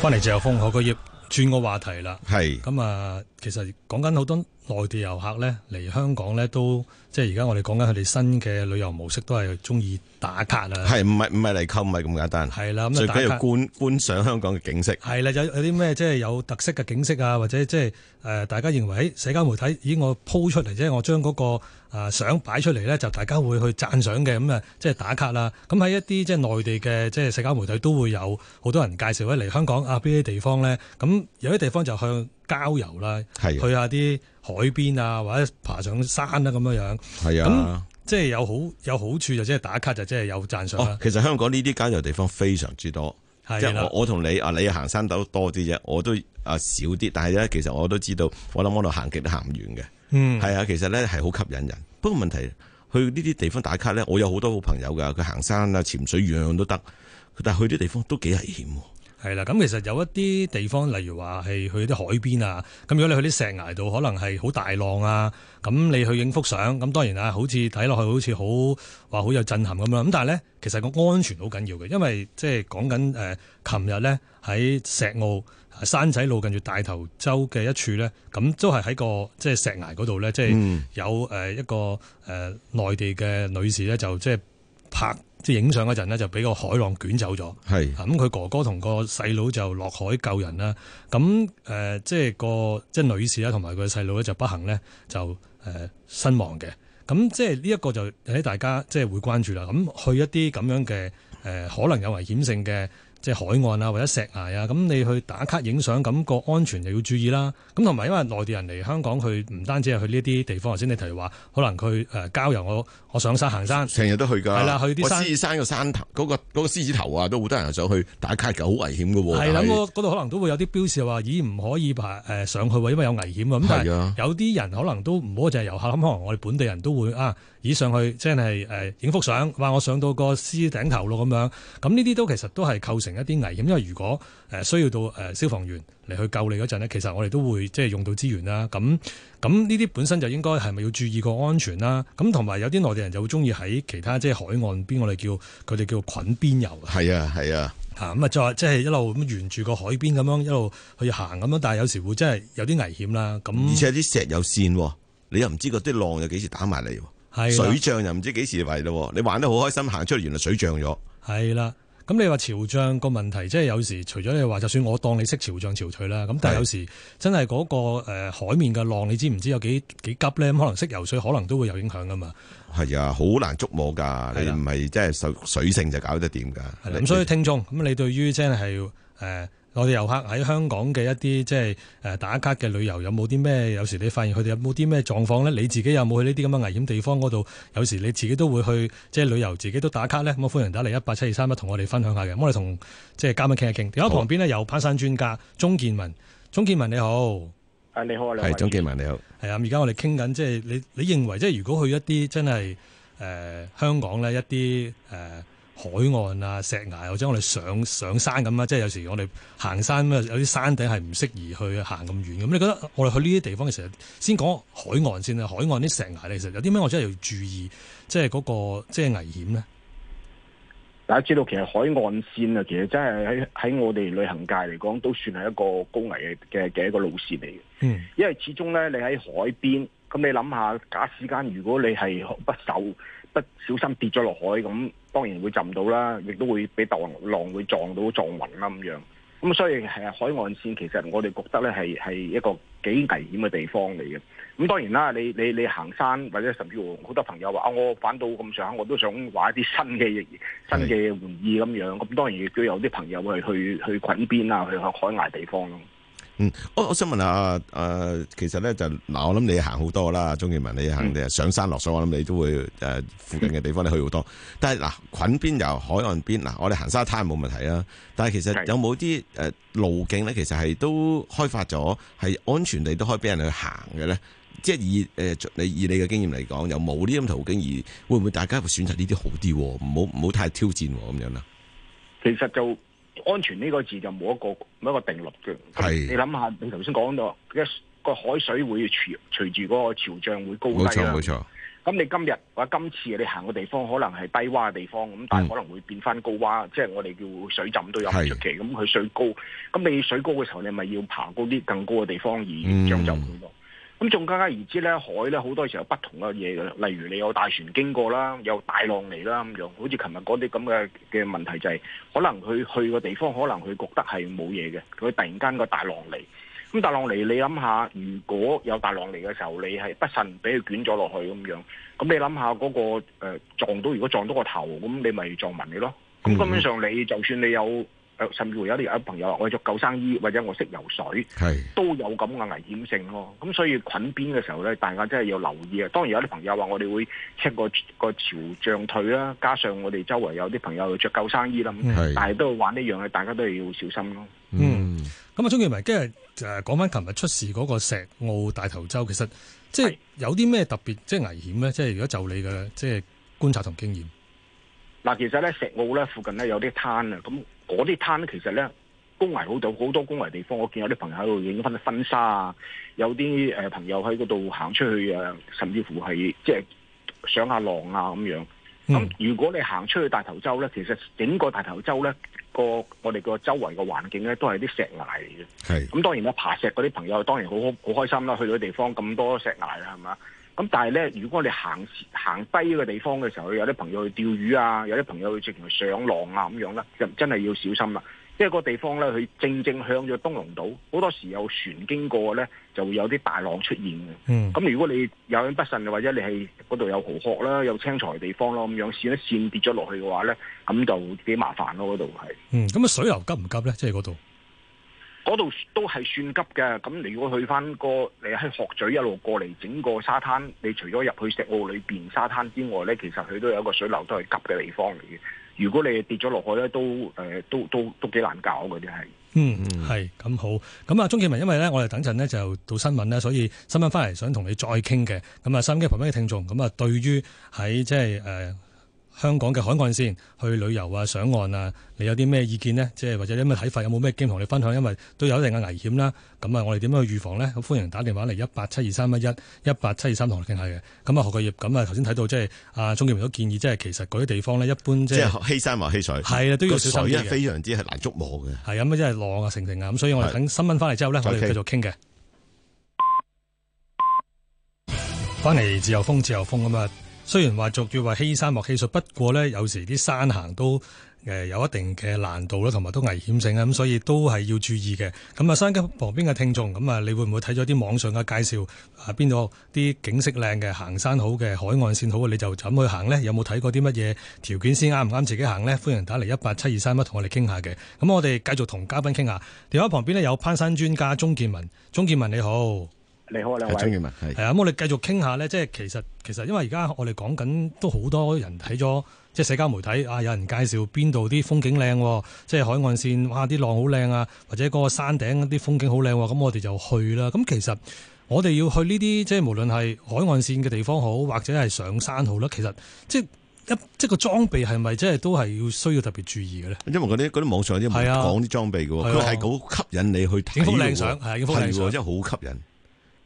翻嚟就有封口佢要轉個話題啦，係咁啊，其實講緊好多。內地遊客咧嚟香港咧，都即係而家我哋講緊佢哋新嘅旅遊模式，都係中意打卡啊！係唔係唔係嚟購物咁簡單？係啦，咁、嗯、最緊要觀觀賞香港嘅景色。係啦，有有啲咩即係有特色嘅景色啊，或者即係誒、呃、大家認為喺社交媒體已經鋪，咦我 po 出嚟即係我將嗰、那個、呃、相擺出嚟咧，就大家會去讚賞嘅咁啊，即係打卡啦。咁喺一啲即係內地嘅即係社交媒體都會有好多人介紹喺嚟香港啊邊啲地方咧。咁有啲地方就向郊遊啦，去下啲海邊啊，或者爬上山啊，咁樣樣。係啊，即係有好有好處就即係打卡就即、是、係有讚賞、哦。其實香港呢啲郊遊地方非常之多。係啦、就是，我同你啊，你行山走多啲啫，我都啊少啲。但係咧，其實我都知道，我諗我度行極都行唔完嘅。嗯，係啊，其實咧係好吸引人。不過問題去呢啲地方打卡咧，我有好多好朋友噶，佢行山啊、潛水、樣樣都得。但係去啲地方都幾危險。係啦，咁其實有一啲地方，例如話係去啲海邊啊，咁如果你去啲石崖度，可能係好大浪啊，咁你去影幅相，咁當然啊，好似睇落去好似好話好有震撼咁樣。咁但係咧，其實個安全好緊要嘅，因為即係講緊誒，琴日咧喺石澳山仔路近住大頭洲嘅一處咧，咁都係喺個即係石崖嗰度咧，即、嗯、係有一個誒內地嘅女士咧，就即係拍。是哥哥弟弟人呃、即係影相嗰陣呢，就俾個海浪捲走咗。係啊。咁佢哥哥同個細佬就落海救人啦。咁即係個即係女士啦，同埋佢細佬咧就不幸咧就誒身亡嘅。咁即係呢一個就誒大家即係會關注啦。咁去一啲咁樣嘅、呃、可能有危險性嘅。即係海岸啊，或者石崖啊，咁你去打卡影相，咁、嗰個安全就要注意啦。咁同埋因為內地人嚟香港去，唔單止係去呢啲地方，頭先你提話，可能去誒郊遊我，我我上山行山，成日都去㗎。係啦，去啲山山個山頭，嗰、嗰個獅子頭啊，都好多人想去打卡㗎，好危險㗎喎。係啦，嗰嗰度可能都會有啲標示話，咦唔可以上去喎，因為有危險啊。咁係有啲人可能都唔好淨係遊客，咁可能我哋本地人都會啊，以上去即係影、呃、幅相，話我上到個獅子頂頭咯咁樣。咁呢啲都其實都係構成一啲危險，因為如果誒需要到誒消防員嚟去救你嗰陣咧，其實我哋都會即係用到資源啦。咁咁呢啲本身就應該係咪要注意個安全啦？咁同埋有啲內地人就會中意喺其他即係海岸邊，我哋叫佢哋叫菌邊遊。係啊係啊，吓咁啊再即係一路沿住個海邊咁樣一路去行咁樣，但係有時會真係有啲危險啦。咁而且啲石有線，你又唔知嗰啲浪又幾時打埋嚟，啊，水漲又唔知幾時嚟咯。你玩得好開心，行出嚟原來水漲咗，係啦，啊。咁你話潮漲個問題，即係有時除咗你話，就算我當你識潮漲潮退啦，咁但係有時真係嗰個海面嘅浪，你知唔知有幾幾急咧？咁可能識游水可能都會有影響噶嘛。係啊，好難捉摸㗎，你唔係即係水水性就搞得掂㗎。係，咁所以聽眾，咁你，你對於即係誒？呃我哋遊客喺香港嘅一啲即係誒打卡嘅旅遊，有冇啲咩？有時你發現佢哋有冇啲咩狀況咧？你自己有冇去呢啲咁嘅危險地方嗰度？有時你自己都會去即係旅遊，自己都打卡咧。咁啊，歡迎打嚟一八七二三一同我哋分享一下嘅。咁我哋同即係嘉賓一傾一傾。電話旁邊咧有攀山專家鍾建民，鍾建民你好。啊，你好，你好。係鍾建民你好。係啊，而家我哋傾緊即係你你認為即係如果去一啲真係誒香港咧一啲誒。呃海岸啊，石崖或者我哋上上山咁啊，即係有時我哋行山啊，有啲山頂係唔適宜去行咁遠嘅。咁你覺得我哋去呢啲地方嘅時候，先講海岸先啊。海岸啲石崖咧，其實有啲咩我真係要注意，即係嗰個即係危險咧。大家知道其實海岸線啊，其實真係喺喺我哋旅行界嚟講，都算係一個高危嘅嘅一個路線嚟嘅。嗯，因為始終咧，你喺海邊，咁你諗下，假使間如果你係不守，不小心跌咗落海，咁當然會浸到啦，亦都會俾盪浪會撞到撞暈啦咁樣。咁所以係海岸線，其實我哋覺得咧係係一個幾危險嘅地方嚟嘅。咁當然啦，你你你行山或者甚至乎好多朋友話啊，我反到咁上我都想玩一啲新嘅新嘅玩意咁樣。咁當然亦都有啲朋友去去去捆邊啊，去海崖地方咯。嗯，我我想問下誒、呃，其實咧就嗱，我諗你行好多啦，鍾建民，你行你上山落水，我諗你都會誒、啊、附近嘅地方你去好多。但係嗱，近邊又海岸邊嗱、呃，我哋行沙灘冇問題啊。但係其實有冇啲誒路徑咧，其實係都開發咗，係安全地都開俾人去行嘅咧。即係以誒、呃、你以你嘅經驗嚟講，又冇呢咁途徑，而會唔會大家會選擇呢啲好啲，唔好唔好太挑戰咁樣啦，其實就。安全呢個字就冇一個冇一個定律嘅。係，你諗下，你頭先講到一個海水會隨住嗰個潮漲會高低冇錯。咁你今日或者今次你行嘅地方可能係低洼嘅地方，咁但係可能會變翻高洼。嗯、即係我哋叫水浸都有出奇。咁佢水高，咁你水高嘅時候，你咪要爬高啲更高嘅地方而漲就好多。嗯咁仲加加而知咧，海咧好多時候有不同嘅嘢嘅，例如你有大船經過啦，有大浪嚟啦咁樣，好似琴日嗰啲咁嘅嘅問題就係、是，可能佢去個地方，可能佢覺得係冇嘢嘅，佢突然間個大浪嚟，咁大浪嚟你諗下，如果有大浪嚟嘅時候，你係不慎俾佢捲咗落去咁樣，咁你諗下嗰個誒撞到，如果撞到個頭，咁你咪撞埋你咯，咁根本上你就算你有。甚至乎有啲有朋友話，我着救生衣，或者我識游水，係都有咁嘅危險性咯。咁所以滾邊嘅時候咧，大家真係要留意啊。當然有啲朋友話，我哋會 check 個個潮漲退啦，加上我哋周圍有啲朋友着救生衣啦。但係都要玩呢樣嘅，大家都係要小心咯。嗯、咁、嗯、啊、鍾、嗯、建民，今日誒講翻琴日出事嗰個石澳大頭洲，其實即係有啲咩特別即係危險咧？即係如果就你嘅即係觀察同經驗。嗱，其實咧石澳咧附近咧有啲灘啊，咁嗰啲灘咧其實咧，工危好到好多工危地方，我見有啲朋友喺度影翻啲婚紗啊，有啲誒朋友喺嗰度行出去啊，甚至乎係即係上下浪啊咁樣。咁、嗯、如果你行出去大頭洲咧，其實整個大頭洲咧、嗰個我哋個周圍嘅環境咧都係啲石崖嚟嘅。係。咁當然啦，爬石嗰啲朋友當然好好好開心啦，去到啲地方咁多石崖啦，係嘛？咁但係咧，如果你行行低嘅地方嘅時候，有啲朋友去釣魚啊，有啲朋友去直情去上浪啊咁樣啦，就真係要小心啦。因為嗰個地方咧，佢正正向咗東龍島，好多時有船經過咧，就會有啲大浪出現嘅。咁、嗯、如果你有樣不慎，或者你係嗰度有蠔殼啦、有青苔地方咯咁樣，跣一跣跌咗落去嘅話咧，咁就幾麻煩咯。嗰度係。嗯，咁啊，水流急唔急咧？即係嗰度。嗰度都係算急嘅，咁你如果去翻個你喺鶴咀一路過嚟整個沙灘，你除咗入去石澳裏面沙灘之外咧，其實佢都有一個水流都係急嘅地方嚟嘅。如果你跌咗落去咧，都、呃、都都都幾難搞嗰啲係。嗯，係咁好。咁啊，鍾建民，因為咧我哋等陣呢就到新聞啦，所以新聞翻嚟想同你再傾嘅。咁啊，收音機旁邊嘅聽眾，咁啊，對於喺即係誒。就是呃香港嘅海岸線去旅遊啊，上岸啊，你有啲咩意見呢？即係或者有咩睇法？有冇咩經驗同你分享？因為都有一定嘅危險啦。咁啊，我哋點樣去預防呢？好，歡迎打電話嚟一八七二三一一，一八七二三同我傾下嘅。咁啊，何國業，咁啊頭先睇到即係啊鍾建民都建議，即、就、係、是、其實嗰啲地方呢，一般、就是、即係欺山和欺水，係啊，都要小心啲，非常之係難捉摸嘅。係啊，乜即係浪啊，成成啊，咁所以我哋等新聞翻嚟之後呢，我哋繼續傾嘅。翻、okay、嚟自由風，自由風咁啊！雖然話俗語話欺山莫欺術，不過呢，有時啲山行都誒有一定嘅難度啦，同埋都危險性啊，咁所以都係要注意嘅。咁啊，山腳旁邊嘅聽眾，咁啊，你會唔會睇咗啲網上嘅介紹啊？邊度啲景色靚嘅，行山好嘅，海岸線好嘅，你就咁去行呢？有冇睇過啲乜嘢條件先啱唔啱自己行呢？歡迎打嚟一八七二三一，同我哋傾下嘅。咁我哋繼續同嘉賓傾下。電話旁邊呢，有攀山專家鍾建民，鍾建民你好。你好，梁偉。係張耀文，啊，咁、嗯、我哋繼續傾下咧。即係其實其實，其實因為而家我哋講緊都好多人睇咗，即係社交媒體啊，有人介紹邊度啲風景靚，即係海岸線，哇，啲浪好靚啊，或者個個山頂啲風景好靚，咁、嗯、我哋就去啦。咁、嗯、其實我哋要去呢啲，即係無論係海岸線嘅地方好，或者係上山好啦。其實即係一即係個裝備係咪即係都係要需要特別注意嘅咧？因為嗰啲嗰啲網上啲冇講啲裝備嘅，佢係好吸引你去睇，影、啊、靚相係，真係好吸引。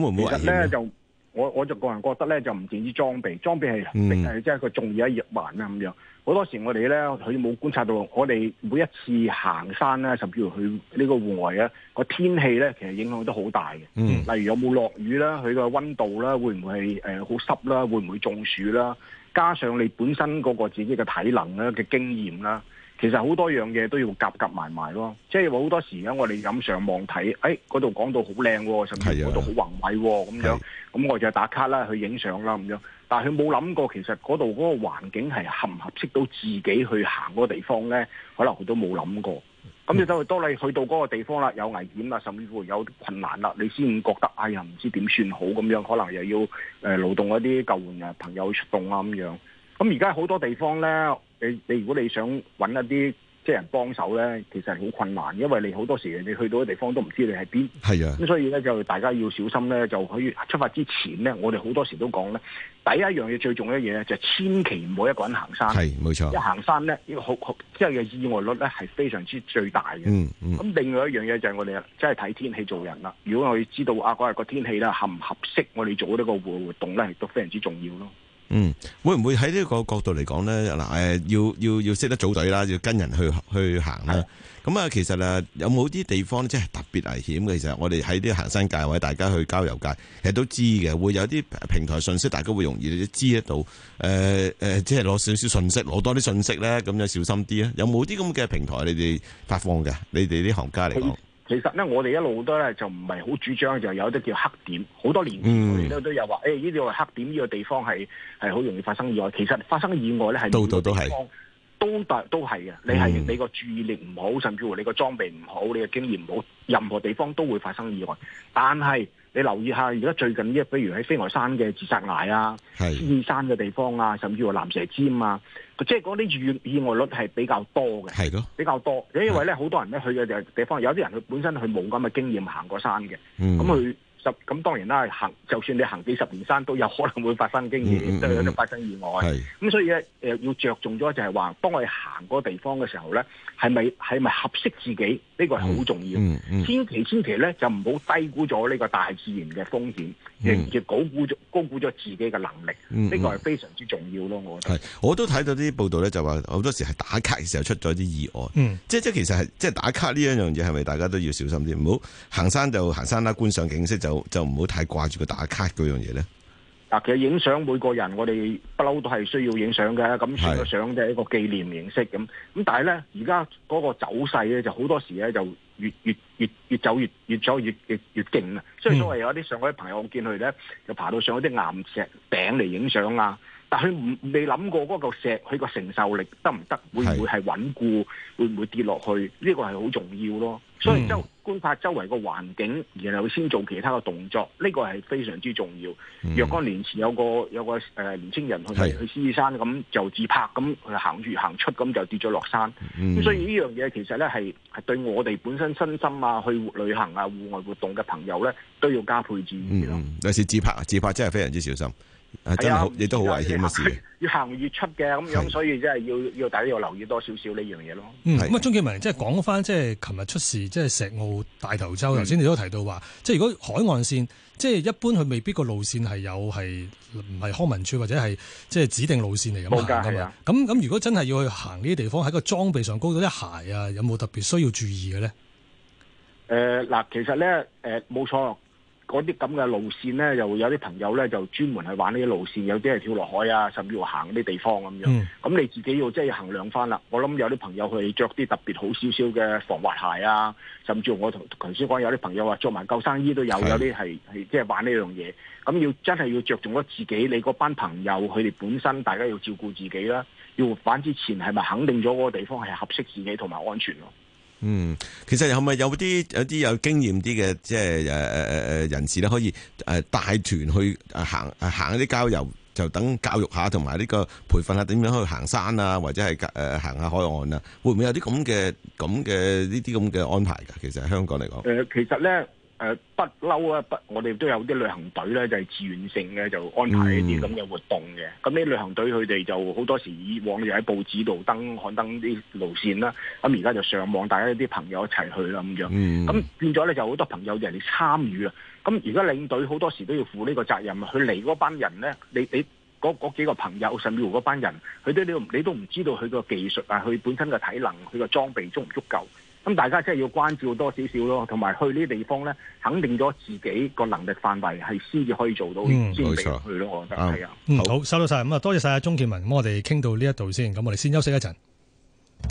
會會其實咧就我我就個人覺得咧就唔淨止裝備，裝備係係、嗯、即係一個重要一環啦咁樣。好多時我哋咧佢冇觀察到，我哋每一次行山咧，甚至乎去呢個戶外啊，個天氣咧其實影響都好大嘅、嗯。例如有冇落雨啦，佢個溫度啦，會唔會係誒好濕啦，會唔會中暑啦？加上你本身嗰個自己嘅體能啦嘅經驗啦。其實好多樣嘢都要夾夾埋埋咯，即係話好多時間我哋咁上網睇，誒、哎，嗰度講到好靚，甚至嗰度好宏偉咁、啊、樣，咁、啊、我就打卡啦，去影相啦咁樣。但係佢冇諗過，其實嗰度嗰個環境係合唔合適到自己去行嗰個地方呢？可能佢都冇諗過。咁你等佢當你去到嗰個地方啦，有危險啦，甚至乎有困難啦，你先覺得，哎呀，唔知點算好咁樣，可能又要誒勞動一啲救援嘅朋友出動啊咁樣。咁而家好多地方呢，你你如果你想揾一啲即係人幫手咧，其實係好困難，因為你好多時你去到嘅地方都唔知你喺邊。係啊，咁所以咧就大家要小心咧，就可以出發之前咧，我哋好多時都講咧，第一樣嘢最重要嘅嘢咧就係、是、千祈唔好一個人行山。係，冇錯。一行山咧，呢個好即係嘅意外率咧係非常之最大嘅。咁、嗯嗯、另外一樣嘢就係我哋真係睇天氣做人啦。如果佢知道啊嗰日個天氣啦合唔合適我哋做呢個戶外活動咧，亦都非常之重要咯。嗯，會唔會喺呢個角度嚟講咧？嗱，誒，要要要識得組隊啦，要跟人去去行啦。咁啊，其實啊，有冇啲地方即係特別危險嘅？其實我哋喺啲行山界或者大家去郊遊界，其實都知嘅。會有啲平台信息，大家會容易知得到。誒、呃、誒、呃，即係攞少少信息，攞多啲信息咧，咁樣就小心啲啊！有冇啲咁嘅平台，你哋發放嘅？你哋啲行家嚟講。嗯其實咧，我哋一路都咧就唔係好主張，就有一啲叫黑點。好多年前我，我都都有話，誒呢啲黑點呢個地方係係好容易發生意外。其實發生意外咧，係度度都係。都都係嘅，你係你個注意力唔好，甚至乎你個裝備唔好，你嘅經驗唔好，任何地方都會發生意外。但係你留意下，而家最近即係，比如喺飛鵝山嘅自殺崖啊，天山嘅地方啊，甚至乎藍蛇尖啊，即係嗰啲遇意外率係比較多嘅，係咯，比較多。因為咧，好多人咧去嘅地方，有啲人佢本身佢冇咁嘅經驗行過山嘅，咁、嗯、佢。咁當然啦，行就算你行幾十年山，都有可能會發生驚險，都、嗯、有得發生意外。咁所以咧、呃，要着重咗就係話，當我哋行嗰個地方嘅時候咧，係咪係咪合適自己？呢個係好重要、嗯嗯，千祈千祈咧就唔好低估咗呢個大自然嘅風險，亦、嗯、亦高估咗高估咗自己嘅能力，呢個係非常之重要咯。我覺得係我都睇到啲報道咧，就話好多時係打卡嘅時候出咗啲意外，即即其實係即打卡呢一樣嘢係咪大家都要小心啲，唔好行山就行山啦，觀賞景色就就唔好太掛住個打卡嗰樣嘢咧。嗱，其實影相每個人，我哋不嬲都係需要影相嘅，咁攝個相就係，一個紀念形式咁。咁但係咧，而家嗰個走勢咧，就好多時咧，就越越越越走越越咗越越勁啊！所以都係有啲上海啲朋友，我見佢咧就爬到上嗰啲岩石頂嚟影相啊。.但佢唔未諗過嗰嚿石，佢個承受力得唔得？會唔會係穩固？會唔會跌落去？呢個係好重要咯。所以周觀察周圍個環境，然後先做其他嘅動作，呢個係非常之重要、嗯。若干年前有個有個誒年青人去去獅子山，咁就自拍，咁佢行住行出咁就跌咗落山。咁、嗯、所以呢樣嘢其實咧係係對我哋本身身心啊、去旅行啊、戶外活動嘅朋友咧都要加配置咯。尤、嗯、其自拍，自拍真係非常之小心。係啊，亦都好危險嘅事，要行越出嘅咁樣，所以真係要要大家要留意多少少呢樣嘢咯。咁、嗯、啊，鍾建民即係講翻，即係琴日出事，即係石澳大頭洲。頭先你都提到話，即、嗯、係如果海岸線，即係一般，佢未必個路線係有係唔係康文署或者係即係指定路線嚟，咁噶咁咁，如果真係要去行呢啲地方，喺個裝備上，高咗啲鞋啊，有冇特別需要注意嘅咧？誒，嗱，其實咧，誒、呃，冇錯。嗰啲咁嘅路線呢，就會有啲朋友呢，就專門去玩呢啲路線，有啲係跳落海啊，甚至乎行啲地方咁樣。咁、嗯、你自己要即係、即係、衡量翻啦。我諗有啲朋友佢着啲特別好少少嘅防滑鞋啊，甚至我同頭先講有啲朋友話着埋救生衣都有，有啲係係即係玩呢樣嘢。咁要真係要着重咗自己，你嗰班朋友佢哋本身大家要照顧自己啦。要玩之前係咪肯定咗嗰個地方係合適自己同埋安全咯？嗯，其實係咪有啲有啲有經驗啲嘅，即係誒誒誒誒人士咧，可以誒帶團去行誒行一啲郊遊，就等教育下同埋呢個培訓下點樣去行山啊，或者係誒行下海岸啊？會唔會有啲咁嘅咁嘅呢啲咁嘅安排噶？其實喺香港嚟講，誒、呃，其實咧。誒不嬲啊！不，我哋都有啲旅行隊咧，就係自願性嘅，就安排一啲咁嘅活動嘅。咁、嗯、呢旅行隊佢哋就好多時以往就喺報紙度登刊登啲路線啦。咁而家就上網，大家啲朋友一齊去啦咁樣。咁變咗咧就好多朋友人哋參與啊。咁而家領隊好多時都要負呢個責任。佢嚟嗰班人咧，你你嗰嗰幾個朋友甚至乎嗰班人，佢都你都你都唔知道佢個技術啊，佢本身嘅體能，佢個裝備足唔足夠？咁大家真係要關照多少少咯，同埋去呢啲地方咧，肯定咗自己個能力範圍係先至可以做到，先、嗯、至去咯。我覺得係啊。嗯，好，好收到晒。咁啊，多謝晒啊，鍾建民。咁我哋傾到呢一度先。咁我哋先休息一陣。